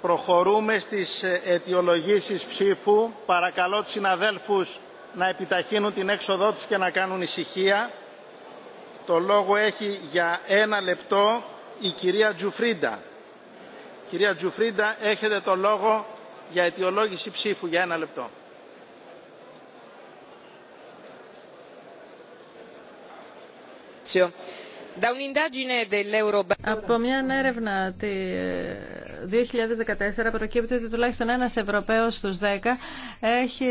Προχωρούμε στις αιτιολογήσεις ψήφου. Παρακαλώ τους συναδέλφους να επιταχύνουν την έξοδό τους και να κάνουν ησυχία. Το λόγο έχει για ένα λεπτό η κυρία Τζουφρίντα. Κυρία Τζουφρίντα, έχετε το λόγο για αιτιολόγηση ψήφου για ένα λεπτό. Από μια έρευνα του ε, 2014 προκύπτει ότι τουλάχιστον ένας Ευρωπαίος στους 10 έχει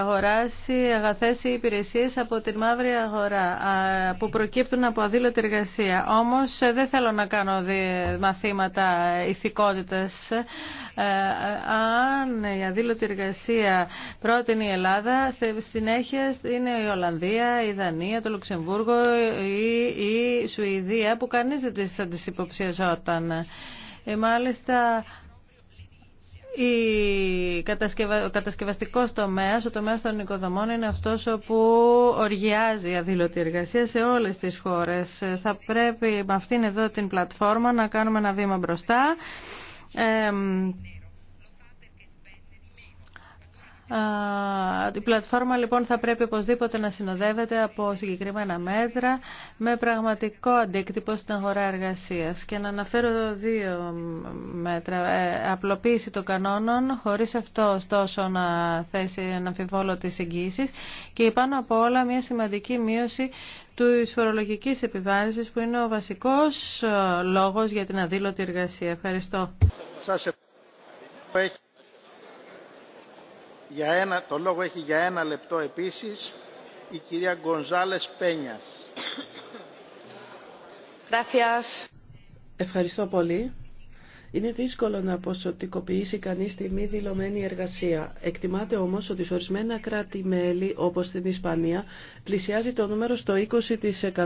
αγοράσει αγαθές ή υπηρεσίες από τη μαύρη αγορά που προκύπτουν από αδήλωτη εργασία. Όμως ε, δεν θέλω να κάνω μαθήματα ηθικότητας ε, για η αδήλωτη εργασία είναι η Ελλάδα, στη συνέχεια είναι η Ολλανδία, η Δανία, το Λουξεμβούργο ή η Σουηδία που κανείς δεν θα τις υποψιαζόταν. Ε, μάλιστα ο κατασκευαστικός τομέας, ο τομέας των οικοδομών είναι αυτός που οργιάζει η αδήλωτη εργασία σε όλες τις χώρες. Θα πρέπει με αυτήν εδώ την πλατφόρμα να κάνουμε ένα βήμα μπροστά. Η πλατφόρμα λοιπόν θα πρέπει οπωσδήποτε να συνοδεύεται από συγκεκριμένα μέτρα με πραγματικό αντίκτυπο στην αγορά εργασίας. Και να αναφέρω δύο μέτρα. Ε, απλοποίηση των κανόνων, χωρίς αυτό ωστόσο να θέσει ένα αμφιβόλο τις εγγύησεις και πάνω από όλα μια σημαντική μείωση του φορολογικής επιβάρησης που είναι ο βασικός ε, λόγος για την αδήλωτη εργασία. Ευχαριστώ. ευχαριστώ για ένα, το λόγο έχει για ένα λεπτό επίσης η κυρία Γκονζάλες Πένιας. Ευχαριστώ πολύ. Είναι δύσκολο να ποσοτικοποιήσει κανεί τη μη δηλωμένη εργασία. Εκτιμάται όμω ότι σε ορισμένα κράτη-μέλη, όπω στην Ισπανία, πλησιάζει το νούμερο στο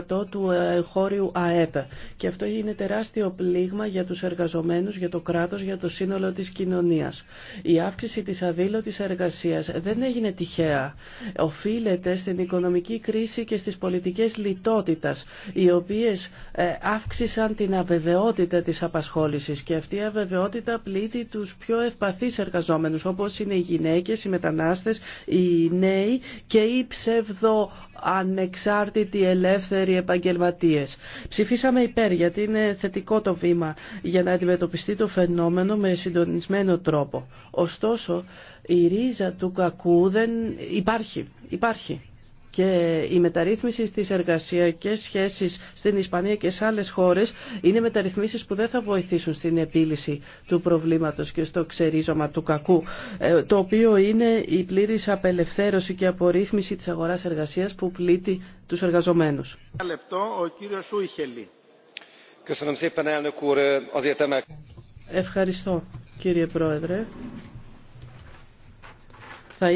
20% του χώριου ΑΕΠ. Και αυτό είναι τεράστιο πλήγμα για του εργαζομένου, για το κράτο, για το σύνολο τη κοινωνία. Η αύξηση τη αδήλωτη εργασία δεν έγινε τυχαία. Οφείλεται στην οικονομική κρίση και στι πολιτικέ λιτότητα, οι οποίε ε, αύξησαν την αβεβαιότητα τη απασχόληση. Και οποία βεβαιότητα πλήττει τους πιο ευπαθείς εργαζόμενους, όπως είναι οι γυναίκες, οι μετανάστες, οι νέοι και οι ψευδο ανεξάρτητοι ελεύθεροι επαγγελματίες. Ψηφίσαμε υπέρ γιατί είναι θετικό το βήμα για να αντιμετωπιστεί το φαινόμενο με συντονισμένο τρόπο. Ωστόσο, η ρίζα του κακού δεν υπάρχει. Υπάρχει και η μεταρρύθμιση στις εργασιακές σχέσεις στην Ισπανία και σε άλλες χώρες είναι μεταρρυθμίσεις που δεν θα βοηθήσουν στην επίλυση του προβλήματος και στο ξερίζωμα του κακού, ε, το οποίο είναι η πλήρης απελευθέρωση και απορρίθμιση της αγοράς εργασίας που πλήττει τους εργαζομένους. Ευχαριστώ κύριε Πρόεδρε.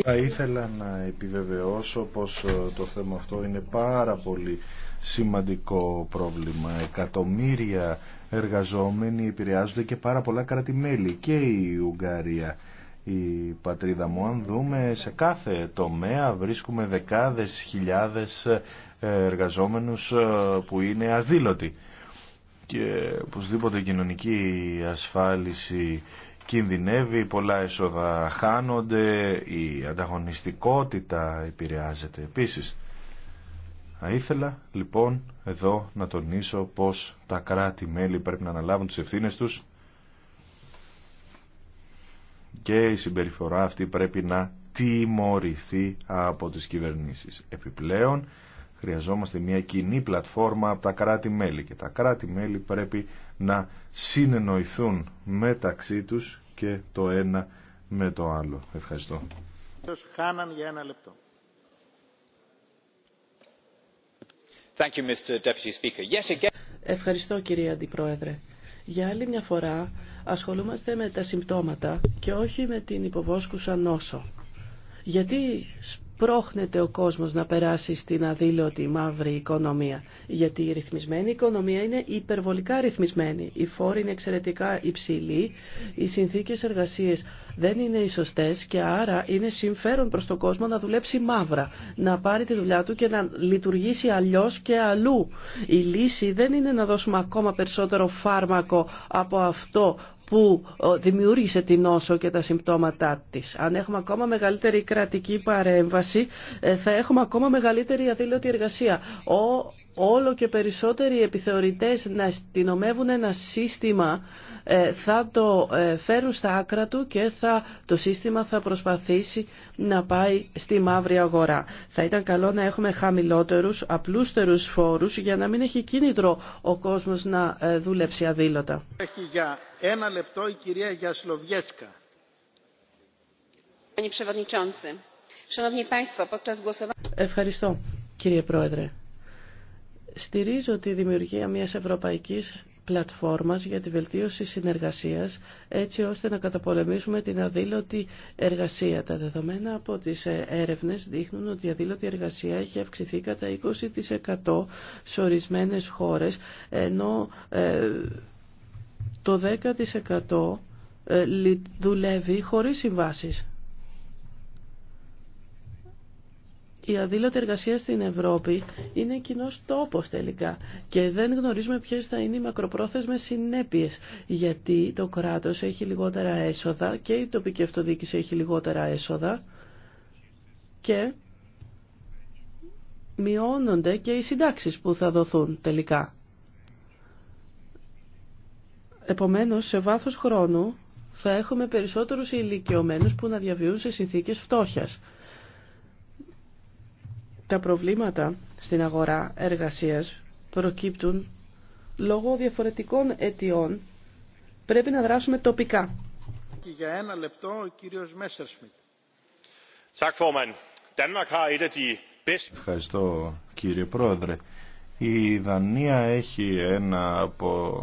Θα ήθελα να επιβεβαιώσω πως ε, το θέμα αυτό είναι πάρα πολύ σημαντικό πρόβλημα. Εκατομμύρια εργαζόμενοι επηρεάζονται και πάρα πολλά κρατημέλη και η Ουγγαρία. Η πατρίδα μου, αν δούμε, σε κάθε τομέα βρίσκουμε δεκάδες χιλιάδες ε, εργαζόμενους ε, που είναι αδήλωτοι. Και οπωσδήποτε η κοινωνική ασφάλιση κινδυνεύει, πολλά έσοδα χάνονται, η ανταγωνιστικότητα επηρεάζεται επίσης. Θα ήθελα λοιπόν εδώ να τονίσω πως τα κράτη-μέλη πρέπει να αναλάβουν τις ευθύνες τους και η συμπεριφορά αυτή πρέπει να τιμωρηθεί από τις κυβερνήσεις. Επιπλέον, Χρειαζόμαστε μια κοινή πλατφόρμα από τα κράτη-μέλη και τα κράτη-μέλη πρέπει να συνεννοηθούν μεταξύ τους και το ένα με το άλλο. Ευχαριστώ. Χάναν για ένα λεπτό. Thank you, Mr. again... Ευχαριστώ κύριε Αντιπρόεδρε. Για άλλη μια φορά ασχολούμαστε με τα συμπτώματα και όχι με την υποβόσκουσα νόσο. Γιατί πρόχνεται ο κόσμος να περάσει στην αδήλωτη μαύρη οικονομία. Γιατί η ρυθμισμένη οικονομία είναι υπερβολικά ρυθμισμένη. Οι φόροι είναι εξαιρετικά υψηλοί, οι συνθήκες εργασίες δεν είναι οι σωστές και άρα είναι συμφέρον προς τον κόσμο να δουλέψει μαύρα, να πάρει τη δουλειά του και να λειτουργήσει αλλιώς και αλλού. Η λύση δεν είναι να δώσουμε ακόμα περισσότερο φάρμακο από αυτό που δημιούργησε την νόσο και τα συμπτώματά της. Αν έχουμε ακόμα μεγαλύτερη κρατική παρέμβαση, ε, θα έχουμε ακόμα μεγαλύτερη αδήλωτη εργασία. Ο όλο και περισσότεροι επιθεωρητές να αστυνομεύουν ένα σύστημα ε, θα το ε, φέρουν στα άκρα του και θα, το σύστημα θα προσπαθήσει να πάει στη μαύρη αγορά. Θα ήταν καλό να έχουμε χαμηλότερους, απλούστερους φόρους για να μην έχει κίνητρο ο κόσμος να ε, δούλεψει αδήλωτα. Έχει για λεπτό η κυρία Ευχαριστώ κύριε Πρόεδρε. Στηρίζω τη δημιουργία μιας ευρωπαϊκής πλατφόρμας για τη βελτίωση συνεργασίας έτσι ώστε να καταπολεμήσουμε την αδήλωτη εργασία. Τα δεδομένα από τις ε, έρευνες δείχνουν ότι η αδήλωτη εργασία έχει αυξηθεί κατά 20% σε ορισμένες χώρες ενώ ε, το 10% ε, δουλεύει χωρίς συμβάσεις η αδήλωτη εργασία στην Ευρώπη είναι κοινό τόπο τελικά και δεν γνωρίζουμε ποιε θα είναι οι μακροπρόθεσμε συνέπειε. Γιατί το κράτο έχει λιγότερα έσοδα και η τοπική αυτοδιοίκηση έχει λιγότερα έσοδα και μειώνονται και οι συντάξεις που θα δοθούν τελικά. Επομένως, σε βάθος χρόνου θα έχουμε περισσότερους ηλικιωμένους που να διαβιούν σε συνθήκες φτώχειας. Τα προβλήματα στην αγορά εργασίας προκύπτουν λόγω διαφορετικών αιτιών. Πρέπει να δράσουμε τοπικά. Και για ένα λεπτό ο κύριος Ευχαριστώ κύριε Πρόεδρε. Η Δανία έχει ένα από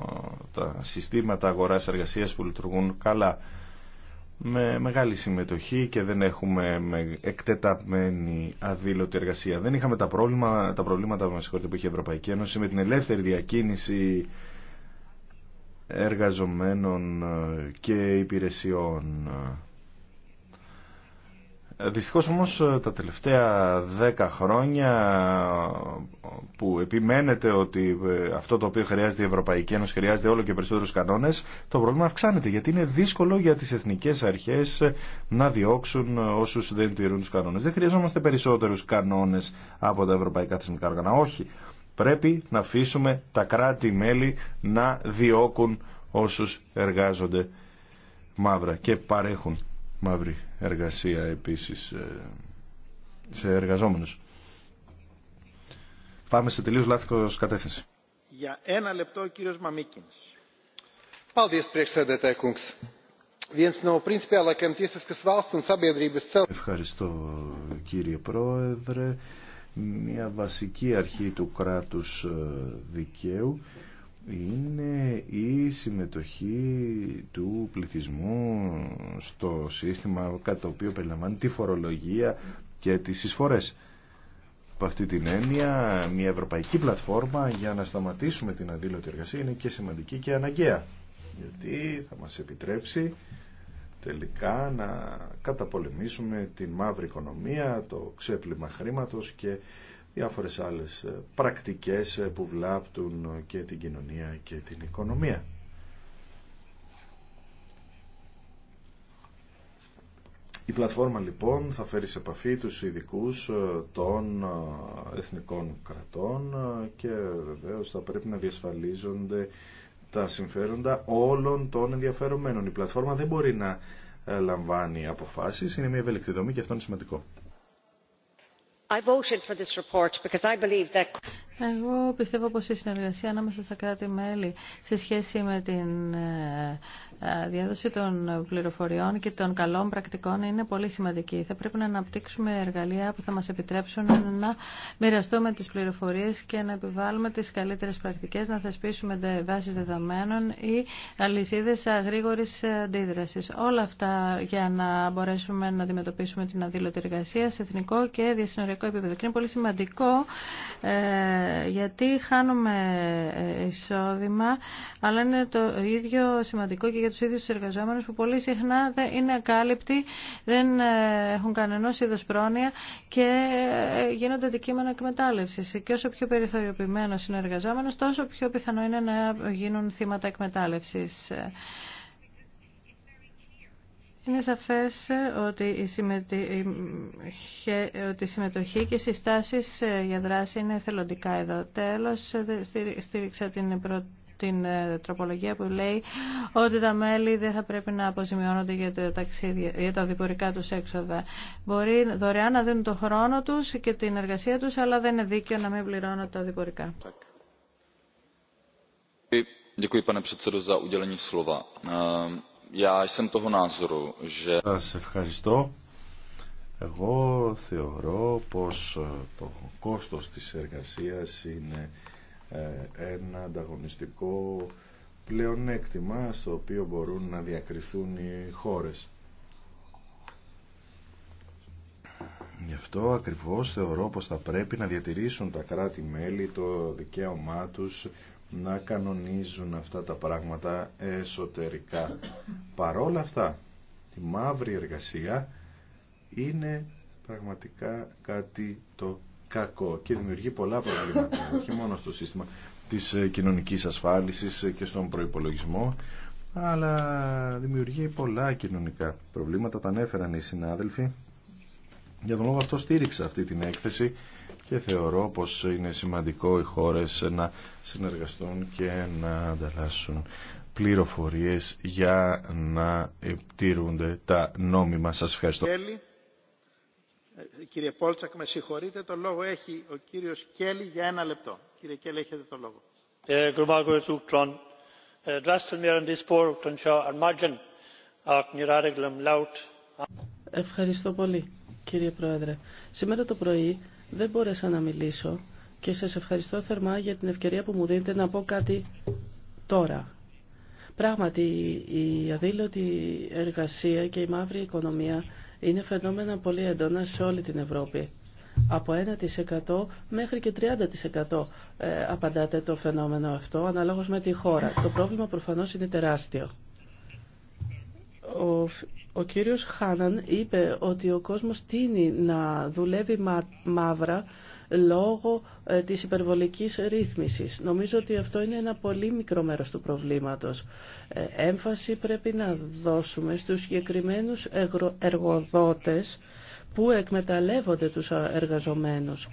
τα συστήματα αγοράς εργασίας που λειτουργούν καλά με μεγάλη συμμετοχή και δεν έχουμε με εκτεταμένη αδήλωτη εργασία. Δεν είχαμε τα, πρόβλημα, τα προβλήματα με που είχε η Ευρωπαϊκή Ένωση με την ελεύθερη διακίνηση εργαζομένων και υπηρεσιών. Δυστυχώς όμως ε, τα τελευταία δέκα χρόνια ε, που επιμένετε ότι ε, αυτό το οποίο χρειάζεται η Ευρωπαϊκή Ένωση χρειάζεται όλο και περισσότερους κανόνες, το πρόβλημα αυξάνεται γιατί είναι δύσκολο για τις εθνικές αρχές να διώξουν όσους δεν τηρούν τους κανόνες. Δεν χρειαζόμαστε περισσότερους κανόνες από τα ευρωπαϊκά θεσμικά όργανα. Όχι. Πρέπει να αφήσουμε τα κράτη-μέλη να διώκουν όσους εργάζονται μαύρα και παρέχουν μαύρη εργασία επίσης ε, σε εργαζόμενους. Πάμε σε τελείως λάθος κατεύθυνση. Για ένα λεπτό ο κύριος Μαμίκινς. Ευχαριστώ κύριε Πρόεδρε. Μια βασική αρχή του κράτους ε, δικαίου είναι η συμμετοχή του πληθυσμού στο σύστημα κατά το οποίο περιλαμβάνει τη φορολογία και τις εισφορές. Από αυτή την έννοια μια ευρωπαϊκή πλατφόρμα για να σταματήσουμε την αδήλωτη εργασία είναι και σημαντική και αναγκαία γιατί θα μας επιτρέψει τελικά να καταπολεμήσουμε την μαύρη οικονομία, το ξέπλυμα χρήματος και διάφορες άλλες ε, πρακτικές ε, που βλάπτουν ε, και την κοινωνία και την οικονομία. Η πλατφόρμα λοιπόν θα φέρει σε επαφή τους ειδικού των εθνικών κρατών και βεβαίως θα πρέπει να διασφαλίζονται τα συμφέροντα όλων των ενδιαφερομένων. Η πλατφόρμα δεν μπορεί να λαμβάνει αποφάσεις, είναι μια ευελικτή δομή και αυτό είναι σημαντικό i voted for this report because i believe that. Εγώ πιστεύω πως η συνεργασία ανάμεσα στα κράτη-μέλη σε σχέση με την ε, ε, διάδοση των πληροφοριών και των καλών πρακτικών είναι πολύ σημαντική. Θα πρέπει να αναπτύξουμε εργαλεία που θα μας επιτρέψουν να μοιραστούμε τις πληροφορίες και να επιβάλλουμε τις καλύτερες πρακτικές, να θεσπίσουμε βάσεις δεδομένων ή αλυσίδες γρήγορης αντίδρασης. Όλα αυτά για να μπορέσουμε να αντιμετωπίσουμε την αδήλωτη εργασία σε εθνικό και διασυνοριακό επίπεδο. Και είναι πολύ σημαντικό ε, γιατί χάνουμε ε, εισόδημα, αλλά είναι το ίδιο σημαντικό και για τους ίδιους τους εργαζόμενους που πολύ συχνά είναι ακάλυπτοι, δεν ε, έχουν κανενός είδος πρόνοια και ε, γίνονται αντικείμενα εκμετάλλευση. Και όσο πιο περιθωριοποιημένος είναι ο εργαζόμενος, τόσο πιο πιθανό είναι να γίνουν θύματα εκμετάλλευση. Είναι σαφές ότι η, συμμετοχή και οι συστάσεις ε, για δράση είναι θελοντικά εδώ. Τέλος, ε, στήριξα την την ε, τροπολογία που λέει ότι τα μέλη δεν θα πρέπει να αποζημιώνονται για τα, ταξίδια, για τα τους έξοδα. Μπορεί δωρεάν να δίνουν το χρόνο τους και την εργασία τους, αλλά δεν είναι δίκαιο να μην πληρώνουν τα διπορικά. Já Σας ευχαριστώ. Εγώ θεωρώ πως ε, το κόστος της εργασίας είναι ε, ένα ανταγωνιστικό πλεονέκτημα στο οποίο μπορούν να διακριθούν οι χώρες. Γι' αυτό ακριβώς θεωρώ πως θα πρέπει να διατηρήσουν τα κράτη-μέλη το δικαίωμά τους να κανονίζουν αυτά τα πράγματα εσωτερικά. Παρόλα αυτά, η μαύρη εργασία είναι πραγματικά κάτι το κακό και δημιουργεί πολλά προβλήματα, όχι μόνο στο σύστημα της ε, κοινωνικής ασφάλισης ε, και στον προϋπολογισμό, αλλά δημιουργεί πολλά κοινωνικά προβλήματα, τα ανέφεραν οι συνάδελφοι. Για τον λόγο αυτό στήριξα αυτή την έκθεση και θεωρώ πως είναι σημαντικό οι χώρες να συνεργαστούν και να ανταλλάσσουν πληροφορίες για να επιτήρούνται τα νόμιμα. Σας ευχαριστώ. Ε, κύριε Πόλτσακ, με συγχωρείτε, το λόγο έχει ο κύριος Κέλλη για ένα λεπτό. Κύριε Κέλλη, έχετε το λόγο. Ε, ε, ευχαριστώ πολύ, κύριε Πρόεδρε. Σήμερα το πρωί δεν μπόρεσα να μιλήσω και σας ευχαριστώ θερμά για την ευκαιρία που μου δίνετε να πω κάτι τώρα. Πράγματι, η αδήλωτη εργασία και η μαύρη οικονομία είναι φαινόμενα πολύ έντονα σε όλη την Ευρώπη. Από 1% μέχρι και 30% ε, απαντάται το φαινόμενο αυτό, αναλόγως με τη χώρα. Το πρόβλημα προφανώς είναι τεράστιο. Ο, ο κύριος Χάναν είπε ότι ο κόσμος τίνει να δουλεύει μαύρα λόγω ε, της υπερβολικής ρύθμισης. Νομίζω ότι αυτό είναι ένα πολύ μικρό μέρος του προβλήματος. Ε, έμφαση πρέπει να δώσουμε στους συγκεκριμένους εργοδότες που εκμεταλλεύονται τους εργαζομένους.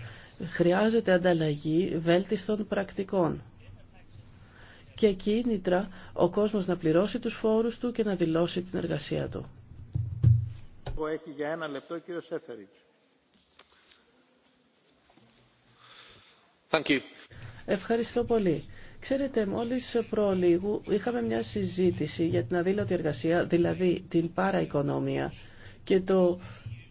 Χρειάζεται ανταλλαγή βέλτιστων πρακτικών και κίνητρα ο κόσμος να πληρώσει τους φόρους του και να δηλώσει την εργασία του. Έχει για ένα λεπτό ο κύριος Ευχαριστώ πολύ. Ξέρετε, μόλις προλίγου είχαμε μια συζήτηση για την αδήλωτη εργασία, δηλαδή την παραοικονομία και το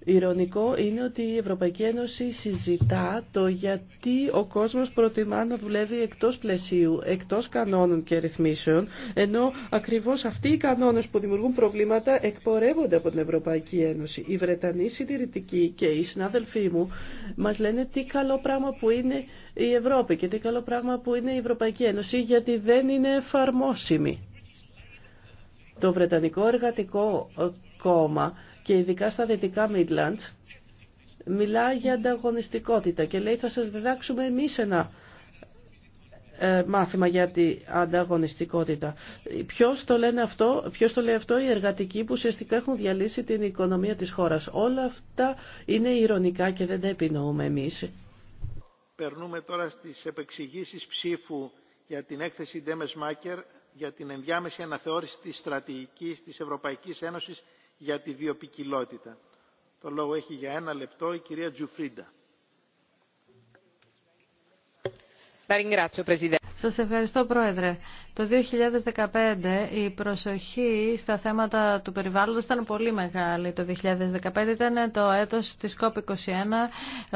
Ηρωνικό είναι ότι η Ευρωπαϊκή Ένωση συζητά το γιατί ο κόσμος προτιμά να δουλεύει εκτός πλαισίου, εκτός κανόνων και ρυθμίσεων, ενώ ακριβώς αυτοί οι κανόνες που δημιουργούν προβλήματα εκπορεύονται από την Ευρωπαϊκή Ένωση. Οι Βρετανοί συντηρητικοί και οι συνάδελφοί μου μας λένε τι καλό πράγμα που είναι η Ευρώπη και τι καλό πράγμα που είναι η Ευρωπαϊκή Ένωση, γιατί δεν είναι εφαρμόσιμη. Το Βρετανικό Εργατικό κόμμα και ειδικά στα δυτικά Midlands μιλά για ανταγωνιστικότητα και λέει θα σας διδάξουμε εμείς ένα ε, μάθημα για την ανταγωνιστικότητα. Ποιος το, λένε αυτό, ποιος το λέει αυτό οι εργατικοί που ουσιαστικά έχουν διαλύσει την οικονομία της χώρας. Όλα αυτά είναι ηρωνικά και δεν τα επινοούμε εμείς. Περνούμε τώρα στις επεξηγήσεις ψήφου για την έκθεση Ντέμες Μάκερ για την ενδιάμεση αναθεώρηση της στρατηγικής της Ευρωπαϊκής Ένωσης για τη βιοπικιλότητα. Το λόγο έχει για ένα λεπτό η κυρία Τζουφρίντα. Σας ευχαριστώ Πρόεδρε. Το 2015 η προσοχή στα θέματα του περιβάλλοντος ήταν πολύ μεγάλη. Το 2015 ήταν το έτος της COP21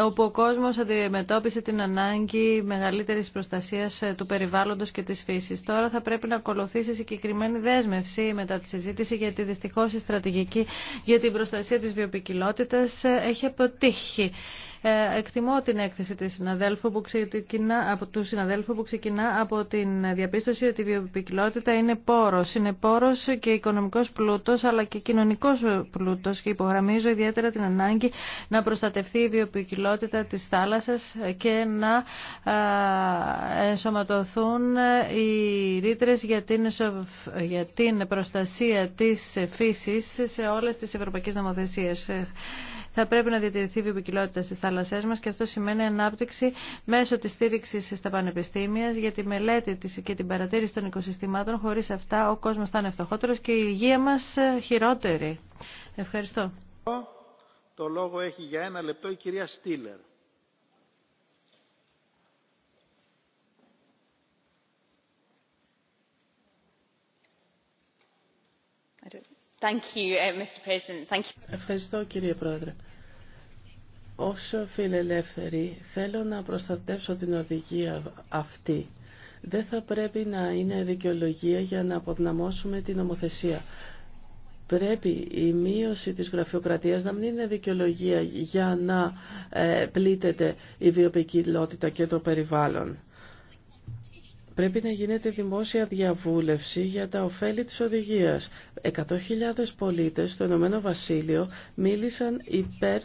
όπου ο κόσμος αντιμετώπισε την ανάγκη μεγαλύτερης προστασίας ε, του περιβάλλοντος και της φύσης. Τώρα θα πρέπει να ακολουθήσει συγκεκριμένη δέσμευση μετά τη συζήτηση γιατί δυστυχώς η στρατηγική για την προστασία της βιοπικιλότητας ε, έχει αποτύχει. Ε, εκτιμώ την έκθεση της συναδέλφου που ξεκινά, από, του συναδέλφου που ξεκινά από την διαπίστωση ότι η βιοποικιλότητα είναι πόρος. Είναι πόρος και οικονομικός πλούτος αλλά και κοινωνικός πλούτος και υπογραμμίζω ιδιαίτερα την ανάγκη να προστατευτεί η βιοποικιλότητα της θάλασσας και να ενσωματωθούν οι ρήτρε για την προστασία της φύσης σε όλες τις ευρωπαϊκές νομοθεσίες. Θα πρέπει να διατηρηθεί η βιοποικιλότητα στι θάλασσέ μα και αυτό σημαίνει ανάπτυξη μέσω τη στήριξη στα πανεπιστήμια για τη μελέτη και την παρατήρηση των οικοσυστημάτων. Χωρί αυτά ο κόσμο θα είναι φτωχότερο και η υγεία μα ε, χειρότερη. Ευχαριστώ. Το λόγο έχει για ένα λεπτό η κυρία Στήλερ. Uh, Ευχαριστώ κύριε Πρόεδρε. Όσο φιλελεύθερη θέλω να προστατεύσω την οδηγία αυτή. Δεν θα πρέπει να είναι δικαιολογία για να αποδυναμώσουμε την νομοθεσία. Πρέπει η μείωση της γραφειοκρατίας να μην είναι δικαιολογία για να ε, πλήττεται η βιοποικιλότητα και το περιβάλλον πρέπει να γίνεται δημόσια διαβούλευση για τα ωφέλη της οδηγίας. 100.000 πολίτες στο Ηνωμένο Βασίλειο μίλησαν υπέρ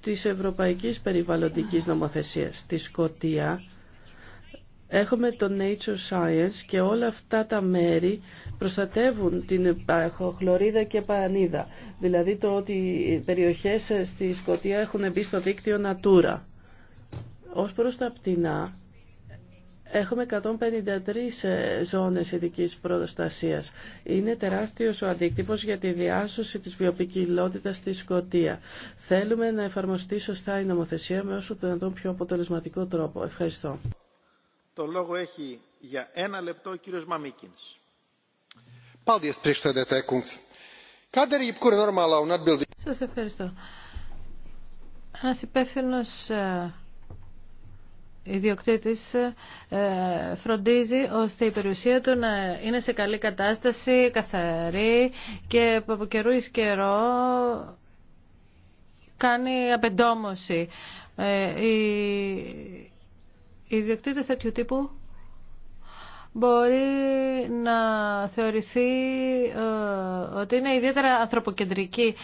της Ευρωπαϊκής Περιβαλλοντικής Νομοθεσίας. Στη Σκοτία έχουμε το Nature Science και όλα αυτά τα μέρη προστατεύουν την χλωρίδα και πανίδα. Δηλαδή το ότι οι περιοχές στη Σκοτία έχουν μπει στο δίκτυο Natura. Ως προς τα πτηνά, Έχουμε 153 ε, ζώνες ειδικής προστασίας. Είναι τεράστιος ο αντίκτυπος για τη διάσωση της βιοπικιλότητας στη Σκοτία. Θέλουμε να εφαρμοστεί σωστά η νομοθεσία με όσο το δυνατόν πιο αποτελεσματικό τρόπο. Ευχαριστώ. Το λόγο έχει για ένα λεπτό ο κύριος Μαμίκινς. Σας ευχαριστώ. Ένας υπεύθυνος ε, ιδιοκτήτης ε, φροντίζει ώστε η περιουσία του να είναι σε καλή κατάσταση, καθαρή και από καιρού εις καιρό κάνει απεντόμωση. Ε, οι ιδιοκτήτες τέτοιου τύπου μπορεί να θεωρηθεί ε, ότι είναι ιδιαίτερα ανθρωποκεντρική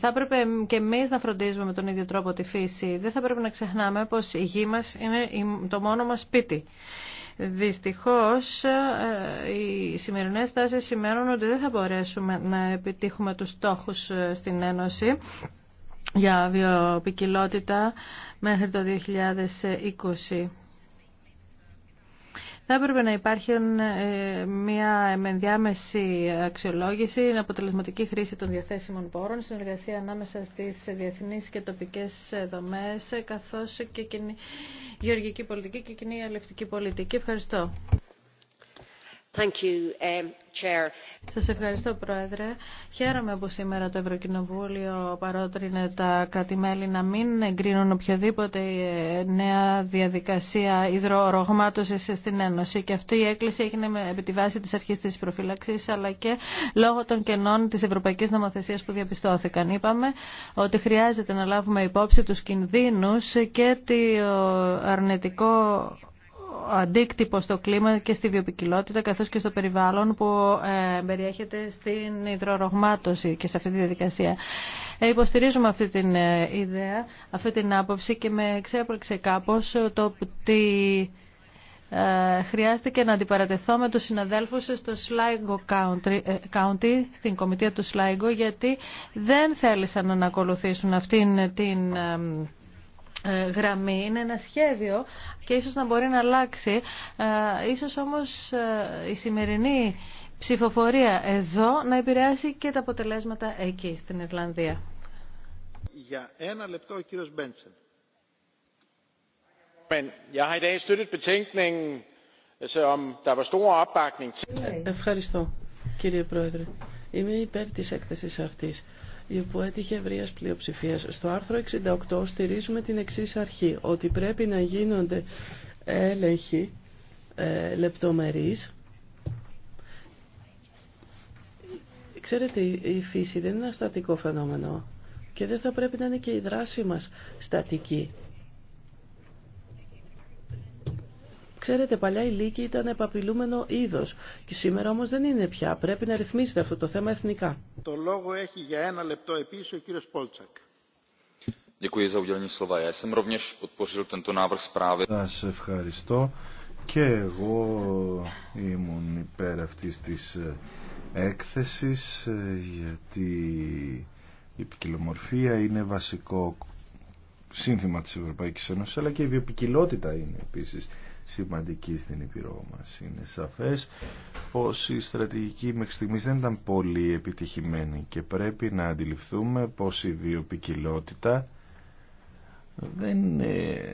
θα έπρεπε και εμεί να φροντίζουμε με τον ίδιο τρόπο τη φύση. Δεν θα πρέπει να ξεχνάμε πως η γη μας είναι το μόνο μας σπίτι. Δυστυχώς ε, οι σημερινέ τάσει σημαίνουν ότι δεν θα μπορέσουμε να επιτύχουμε τους στόχους ε, στην Ένωση για βιοποικιλότητα μέχρι το 2020. Θα έπρεπε να υπάρχει ε, μια ενδιάμεση αξιολόγηση, αποτελεσματική χρήση των διαθέσιμων πόρων, συνεργασία ανάμεσα στις διεθνείς και τοπικές δομές, καθώς και κοινή γεωργική πολιτική και κοινή αλευτική πολιτική. Ευχαριστώ. Um, Σας ευχαριστώ Πρόεδρε. Χαίρομαι που σήμερα το Ευρωκοινοβούλιο παρότρινε τα κράτη-μέλη να μην εγκρίνουν οποιαδήποτε ε, νέα διαδικασία υδρορογμάτωσης στην Ένωση και αυτή η έκκληση έγινε επί τη βάση της αρχής της προφύλαξης αλλά και λόγω των κενών της Ευρωπαϊκής Νομοθεσίας που διαπιστώθηκαν. Είπαμε ότι χρειάζεται να λάβουμε υπόψη τους κινδύνους και το αρνητικό αντίκτυπο στο κλίμα και στη βιοπικιλότητα καθώς και στο περιβάλλον που ε, περιέχεται στην υδρορογμάτωση και σε αυτή τη διαδικασία. Ε, υποστηρίζουμε αυτή την ε, ιδέα, αυτή την άποψη και με ξέπρεξε κάπως το ότι χρειάστηκε να αντιπαρατεθώ με τους συναδέλφους στο Sligo County, στην κομιτεία του Sligo, γιατί δεν θέλησαν να ακολουθήσουν αυτήν την ε, γραμμή, είναι ένα σχέδιο και ίσως να μπορεί να αλλάξει. Ε, ίσως όμως ε, η σημερινή ψηφοφορία εδώ να επηρεάσει και τα αποτελέσματα εκεί στην Ιρλανδία. Για ένα λεπτό ο κύριος Μπέντσεν. Ευχαριστώ κύριε Πρόεδρε. Είμαι υπέρ της έκθεσης αυτής που έτυχε ευρεία πλειοψηφία. Στο άρθρο 68 στηρίζουμε την εξή αρχή, ότι πρέπει να γίνονται έλεγχοι ε, λεπτομερείς. Ξέρετε, η φύση δεν είναι ένα στατικό φαινόμενο και δεν θα πρέπει να είναι και η δράση μας στατική. Ξέρετε, παλιά η λύκη ήταν επαπειλούμενο είδο. και σήμερα όμω δεν είναι πια. Πρέπει να ρυθμίσετε αυτό το θέμα εθνικά. Το λόγο έχει για ένα λεπτό επίσης ο κύριος Πόλτσακ. Σας ευχαριστώ και εγώ ήμουν υπέρ αυτής της ε, έκθεσης ε, γιατί η ποικιλομορφία είναι βασικό σύνθημα της Ευρωπαϊκής Ένωσης αλλά και η βιοπικιλότητα είναι επίσης σημαντική στην Ήπειρό μας. Είναι σαφές πως η στρατηγική μέχρι στιγμής δεν ήταν πολύ επιτυχημένη και πρέπει να αντιληφθούμε πως η βιοπικιλότητα δεν ε,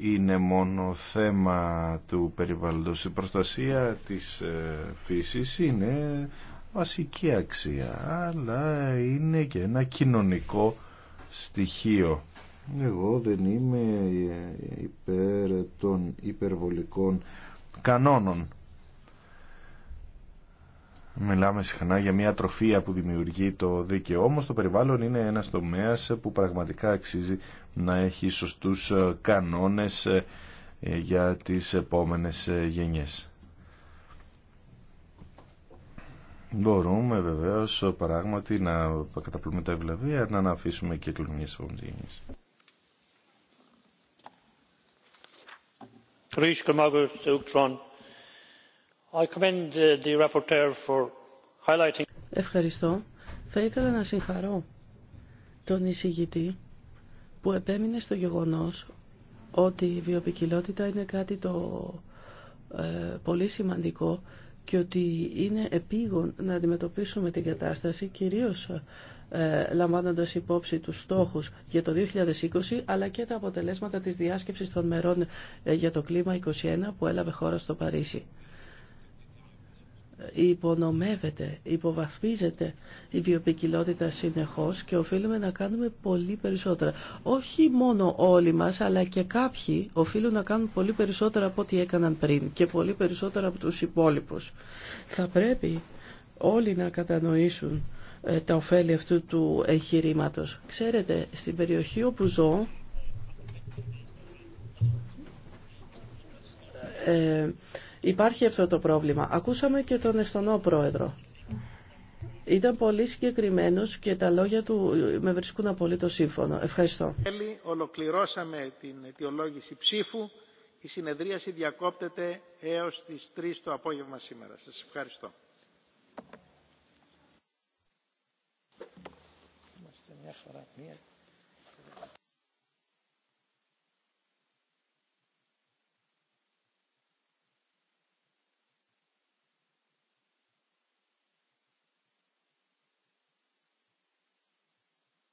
είναι μόνο θέμα του περιβαλλοντος. Η προστασία της ε, φύσης είναι βασική αξία, αλλά είναι και ένα κοινωνικό στοιχείο εγώ δεν είμαι υπέρ των υπερβολικών κανόνων. Μιλάμε συχνά για μια τροφία που δημιουργεί το δίκαιο, όμως το περιβάλλον είναι ένας τομέας που πραγματικά αξίζει να έχει σωστούς κανόνες ε, για τις επόμενες ε, γενιές. Μπορούμε βεβαίως ε, πράγματι να καταπλούμε τα ευλαβία, να αναφήσουμε και κλονίες επόμενες γενιές. Ευχαριστώ. Θα ήθελα να συγχαρώ τον εισηγητή που επέμεινε στο γεγονός ότι η βιοπικιλότητα είναι κάτι το ε, πολύ σημαντικό και ότι είναι επίγον να αντιμετωπίσουμε την κατάσταση κυρίως ε, λαμβάνοντας υπόψη τους στόχους για το 2020 αλλά και τα αποτελέσματα της διάσκεψης των μερών ε, για το κλίμα 21 που έλαβε χώρα στο Παρίσι υπονομεύεται, υποβαθμίζεται η βιοπικιλότητα συνεχώς και οφείλουμε να κάνουμε πολύ περισσότερα. Όχι μόνο όλοι μας, αλλά και κάποιοι οφείλουν να κάνουν πολύ περισσότερα από ό,τι έκαναν πριν και πολύ περισσότερα από τους υπόλοιπους. Θα πρέπει όλοι να κατανοήσουν ε, τα ωφέλη αυτού του εγχειρήματο. Ξέρετε, στην περιοχή όπου ζω, ε, Υπάρχει αυτό το πρόβλημα. Ακούσαμε και τον Εστονό Πρόεδρο. Ήταν πολύ συγκεκριμένος και τα λόγια του με βρισκούν απολύτως σύμφωνο. Ευχαριστώ. Ολοκληρώσαμε την αιτιολόγηση ψήφου. Η συνεδρίαση διακόπτεται έως τις 3 το απόγευμα σήμερα. Σας ευχαριστώ. Είμαστε μια